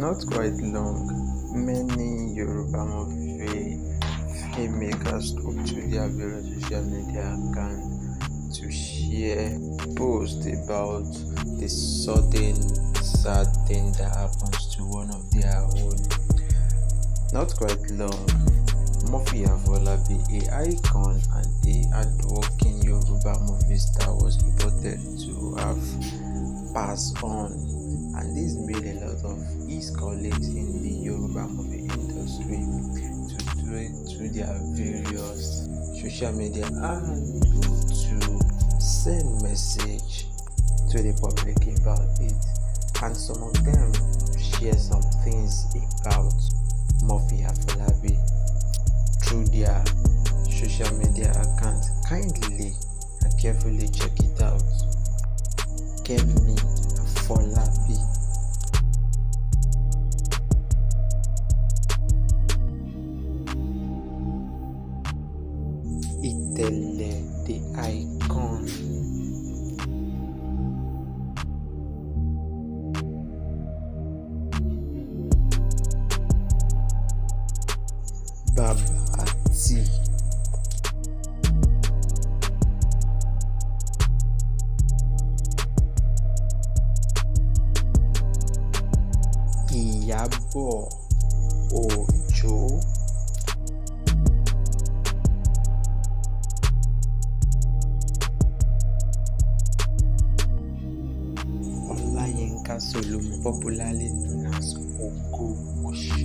not quite long, many Yoruba movie filmmakers took to their various social media accounts to share posts about the sudden sad thing that happens to one of their own. Not quite long, Murphy Afolabi, a icon and a hardworking Yoruba movie star, was reported to have passed on and this made a lot of his colleagues in the Yoruba movie industry to do it to their various social media and to send message to the public about it and some of them share some things about Murphy Afolabi through their social media account kindly and carefully check it out Kemi follow. tẹ́lẹ̀ the icon. Bàbá Iyabo. Ojo. Òjó. Yinka Solomon, popularly known as Ogo Oshi.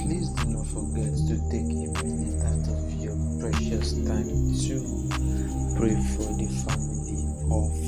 Please do not forget to take a minute out of your precious time to pray for the family of